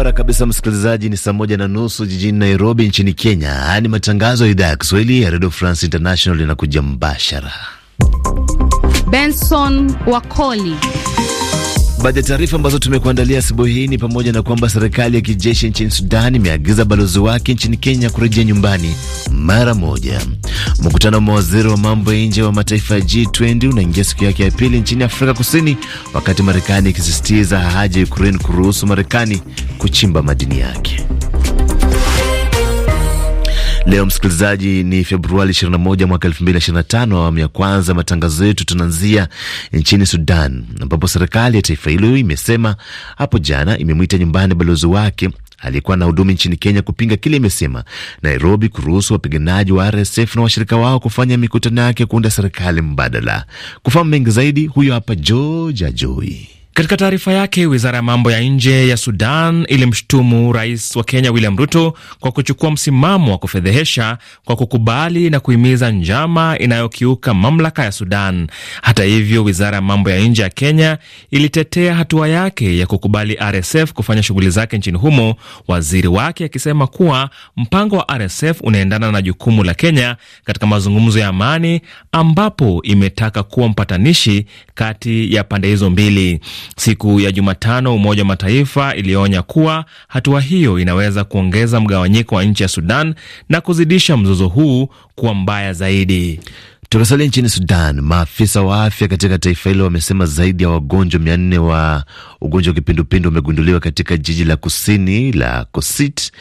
Barabara kabisa, msikilizaji, ni saa moja na nusu jijini Nairobi nchini Kenya. Haya ni matangazo ya idhaa ya Kiswahili ya Redio France International, inakuja mbashara. Benson Wakoli Baadhi ya taarifa ambazo tumekuandalia asubuhi hii ni pamoja na kwamba serikali ya kijeshi nchini Sudan imeagiza balozi wake nchini Kenya kurejea nyumbani mara moja. Mkutano wa mawaziri wa mambo ya nje wa mataifa ya G20 unaingia siku yake ya pili nchini Afrika Kusini, wakati Marekani ikisisitiza haja ya Ukraine kuruhusu Marekani kuchimba madini yake. Leo msikilizaji, ni Februari 21 mwaka 2025. Awamu ya kwanza matangazo yetu tunaanzia nchini Sudan, ambapo serikali ya taifa hilo imesema hapo jana imemwita nyumbani balozi wake aliyekuwa na hudumi nchini Kenya kupinga kile imesema Nairobi kuruhusu wapiganaji wa RSF na washirika wao kufanya mikutano yake kuunda serikali mbadala. Kufahamu mengi zaidi, huyo hapa George Ajoi. Katika taarifa yake, wizara ya mambo ya nje ya Sudan ilimshutumu rais wa Kenya William Ruto kwa kuchukua msimamo wa kufedhehesha kwa kukubali na kuhimiza njama inayokiuka mamlaka ya Sudan. Hata hivyo, wizara ya mambo ya nje ya Kenya ilitetea hatua yake ya kukubali RSF kufanya shughuli zake nchini humo, waziri wake akisema kuwa mpango wa RSF unaendana na jukumu la Kenya katika mazungumzo ya amani, ambapo imetaka kuwa mpatanishi kati ya pande hizo mbili. Siku ya Jumatano, Umoja wa Mataifa ilionya kuwa hatua hiyo inaweza kuongeza mgawanyiko wa nchi ya Sudan na kuzidisha mzozo huu kuwa mbaya zaidi. Tukisalia nchini Sudan, maafisa wa afya katika taifa hilo wamesema zaidi ya wagonjwa mia nne wa ugonjwa wa kipindupindu wamegunduliwa katika jiji la kusini la Kosit,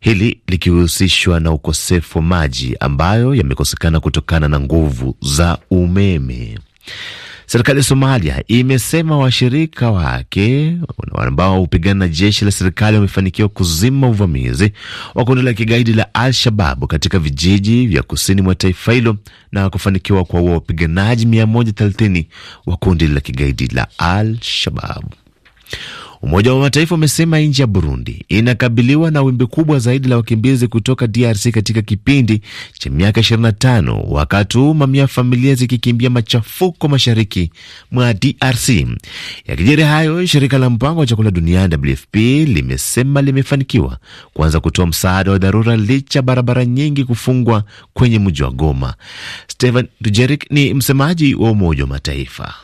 hili likihusishwa na ukosefu wa maji ambayo yamekosekana kutokana na nguvu za umeme. Serikali ya Somalia imesema washirika wake ambao hupigana na jeshi la serikali wamefanikiwa kuzima uvamizi wa kundi la kigaidi la Al-Shababu katika vijiji vya kusini mwa taifa hilo na kufanikiwa kuwaua wapiganaji 130 wa kundi la kigaidi la Al-Shababu. Umoja wa Mataifa umesema nchi ya Burundi inakabiliwa na wimbi kubwa zaidi la wakimbizi kutoka DRC katika kipindi cha miaka 25 wakati huu mamia familia zikikimbia machafuko mashariki mwa DRC. Yakijiri hayo, shirika la mpango wa chakula duniani WFP limesema limefanikiwa kuanza kutoa msaada wa dharura licha barabara nyingi kufungwa kwenye mji wa Goma. Stephen Dujerik ni msemaji wa Umoja wa Mataifa.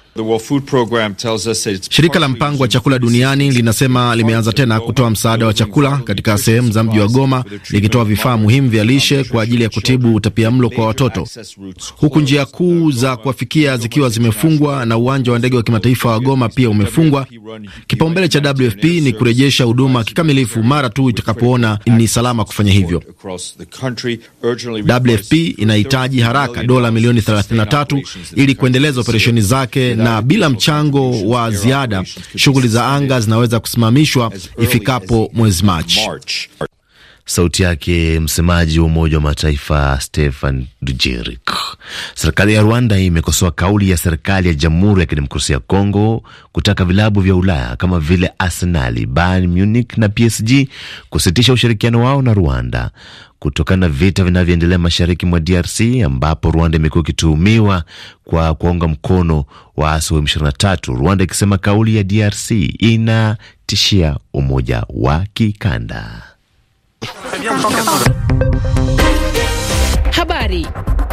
Shirika la mpango wa chakula duniani linasema limeanza tena kutoa msaada wa chakula katika sehemu za mji wa Goma, likitoa vifaa muhimu vya lishe kwa ajili ya kutibu utapia mlo kwa watoto, huku njia kuu uh, za kuwafikia uh, zikiwa zimefungwa na uwanja wa ndege wa kimataifa wa Goma pia umefungwa. Kipaumbele cha WFP ni kurejesha huduma kikamilifu mara tu itakapoona ni salama kufanya hivyo. WFP inahitaji haraka dola milioni 33 ili kuendeleza operesheni zake na bila mchango wa ziada shughuli za anga zinaweza kusimamishwa ifikapo mwezi Machi. Sauti yake msemaji wa Umoja wa Mataifa Stefan Dujerik. Serikali ya Rwanda imekosoa kauli ya serikali ya Jamhuri ya Kidemokrasia ya Kongo kutaka vilabu vya Ulaya kama vile Arsenal, Bayern Munich na PSG kusitisha ushirikiano wao na Rwanda kutokana na vita vinavyoendelea mashariki mwa DRC ambapo Rwanda imekuwa ikituhumiwa kwa kuwaunga mkono waasi wa M23, Rwanda ikisema kauli ya DRC inatishia umoja wa kikanda. Habari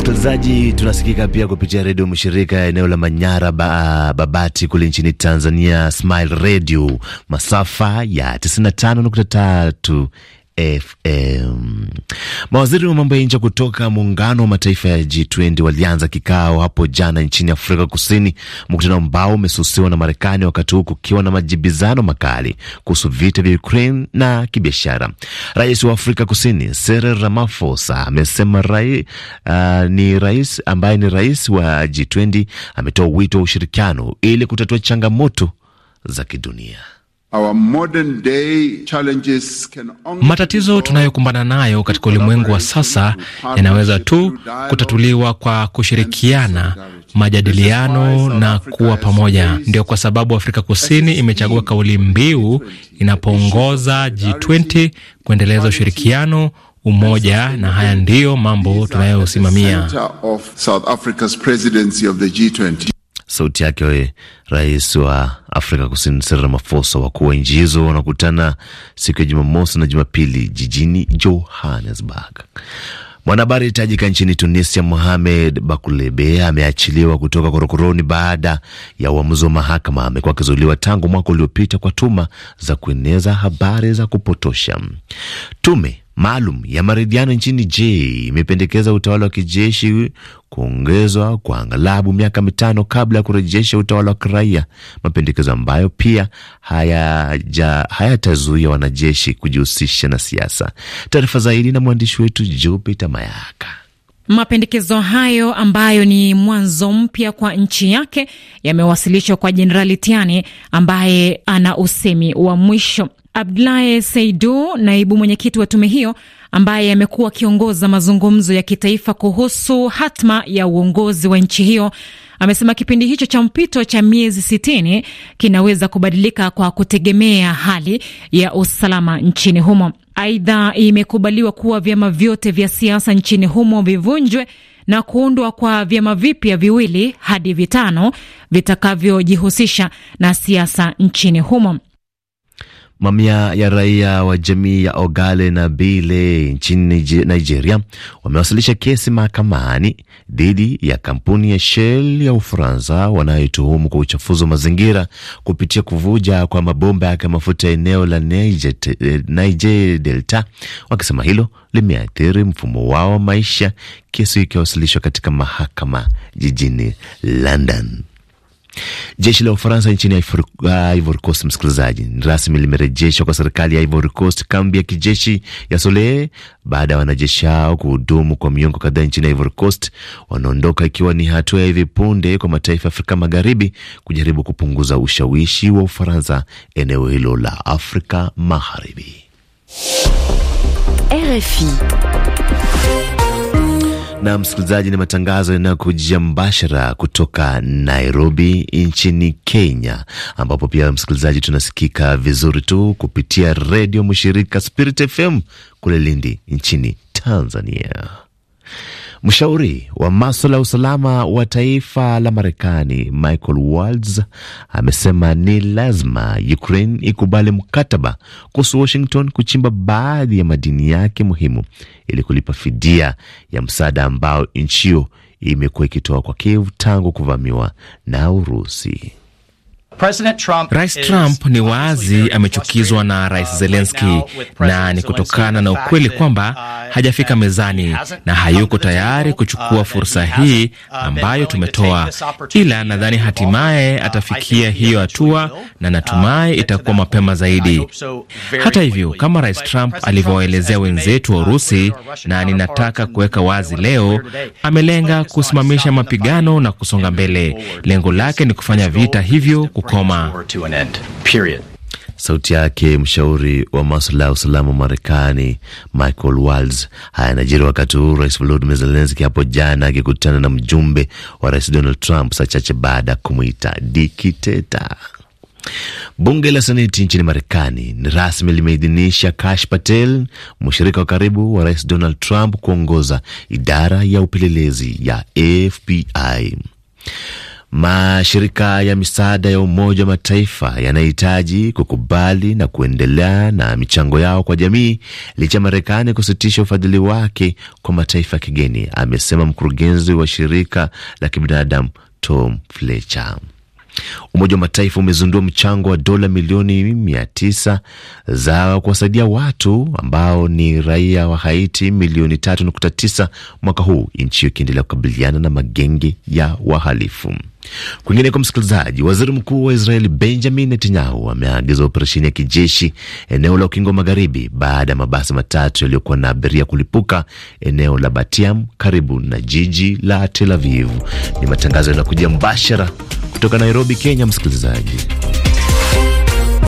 Msikilizaji, tunasikika pia kupitia redio mshirika eneo la Manyara ba, Babati kule nchini Tanzania, Smile Radio masafa ya 95.3 FM. Mawaziri wa mambo ya nje kutoka muungano wa mataifa ya G20 walianza kikao hapo jana nchini Afrika Kusini, mkutano ambao umesusiwa na Marekani, wakati huu kukiwa na majibizano makali kuhusu vita vya Ukraine na kibiashara. Rais wa Afrika Kusini Cyril Ramaphosa amesema rai, uh, ni rais ambaye ni rais wa G20 ametoa wito wa ushirikiano ili kutatua changamoto za kidunia. Our day can only... matatizo tunayokumbana nayo katika ulimwengu wa sasa yanaweza tu kutatuliwa kwa kushirikiana, majadiliano na kuwa pamoja. Ndio kwa sababu Afrika Kusini imechagua kauli mbiu inapoongoza G20 kuendeleza ushirikiano, umoja, na haya ndiyo mambo tunayosimamia. Sauti yake we rais wa Afrika Kusini Cyril Ramaphosa. Wakuu wa nchi hizo wanakutana siku ya Jumamosi na Jumapili jijini Johannesburg. Mwanahabari tajika nchini Tunisia Mohamed Bakulebe ameachiliwa kutoka korokoroni baada ya uamuzi wa mahakama. Amekuwa akizuiliwa tangu mwaka uliopita kwa tuma za kueneza habari za kupotosha. Tume maalum ya maridhiano nchini J imependekeza utawala wa kijeshi kuongezwa kwa angalabu miaka mitano kabla ya kurejesha utawala wa kiraia, mapendekezo ambayo pia hayatazuia haya wanajeshi kujihusisha na siasa. Taarifa zaidi na mwandishi wetu Jupita Mayaka. Mapendekezo hayo ambayo ni mwanzo mpya kwa nchi yake yamewasilishwa kwa Jenerali Tiani ambaye ana usemi wa mwisho. Abdulaye Seidu, naibu mwenyekiti wa tume hiyo, ambaye amekuwa akiongoza mazungumzo ya kitaifa kuhusu hatma ya uongozi wa nchi hiyo, amesema kipindi hicho cha mpito cha miezi sitini kinaweza kubadilika kwa kutegemea hali ya usalama nchini humo. Aidha, imekubaliwa kuwa vyama vyote vya siasa nchini humo vivunjwe na kuundwa kwa vyama vipya viwili hadi vitano vitakavyojihusisha na siasa nchini humo. Mamia ya raia wa jamii ya Ogale na Bile nchini Nigeria wamewasilisha kesi mahakamani dhidi ya kampuni ya Shell ya Ufaransa wanayotuhumu kwa uchafuzi wa mazingira kupitia kuvuja kwa mabomba ya mafuta eneo la Niger, eh, Niger Delta, wakisema hilo limeathiri mfumo wao wa maisha, kesi ikiwasilishwa katika mahakama jijini London. Jeshi la Ufaransa nchini Ivory Coast, ah, msikilizaji, rasmi limerejeshwa kwa serikali ya Ivory Coast kambi ya kijeshi ya Sole baada ya wanajeshi hao kuhudumu kwa miongo kadhaa nchini Ivory Coast. Wanaondoka ikiwa ni hatua ya hivi punde kwa mataifa ya Afrika Magharibi kujaribu kupunguza ushawishi wa Ufaransa eneo hilo la Afrika Magharibi. RFI na msikilizaji, ni matangazo yanayokujia mbashara kutoka Nairobi nchini Kenya, ambapo pia msikilizaji, tunasikika vizuri tu kupitia redio mshirika Spirit FM kule Lindi nchini Tanzania. Mshauri wa maswala ya usalama wa taifa la Marekani Michael Waltz amesema ni lazima Ukraine ikubali mkataba kuhusu Washington kuchimba baadhi ya madini yake muhimu ili kulipa fidia ya msaada ambao nchi hiyo imekuwa ikitoa kwa Kiev tangu kuvamiwa na Urusi. Rais Trump uh, ni wazi amechukizwa na Rais Zelenski na ni kutokana na ukweli kwamba hajafika mezani na hayuko tayari kuchukua fursa hii ambayo tumetoa, ila nadhani hatimaye atafikia hiyo hatua na natumai itakuwa mapema zaidi. Hata hivyo, kama Rais Trump alivyowaelezea wenzetu wa Urusi, na ninataka kuweka wazi leo, amelenga kusimamisha mapigano na kusonga mbele. Lengo lake ni kufanya vita hivyo koma. Sauti yake mshauri wa maswala ya usalama wa Marekani Michael wals Haya najiri wakati huu Rais Volodimir zelenski hapo jana akikutana na mjumbe wa Rais Donald Trump saa chache baada ya kumwita dikiteta. Bunge la Seneti nchini Marekani ni rasmi limeidhinisha Kash Patel, mshirika wa karibu wa Rais Donald Trump, kuongoza idara ya upelelezi ya FBI. Mashirika ya misaada ya Umoja wa Mataifa yanahitaji kukubali na kuendelea na michango yao kwa jamii licha ya Marekani kusitisha ufadhili wake kwa mataifa ya kigeni, amesema mkurugenzi wa shirika la kibinadamu Tom Fletcher. Umoja wa Mataifa umezindua mchango wa dola milioni mia tisa za kuwasaidia watu ambao ni raia wa Haiti milioni tatu nukta tisa mwaka huu, nchi hiyo ikiendelea kukabiliana na magenge ya wahalifu. Kwingine kwa msikilizaji, waziri mkuu wa Israeli Benjamin Netanyahu ameagiza operesheni ya kijeshi eneo la ukingo magharibi baada ya mabasi matatu yaliyokuwa na abiria kulipuka eneo la Batiam karibu na jiji la Tel Aviv. Ni matangazo yanakuja mbashara kutoka Nairobi, Kenya. Msikilizaji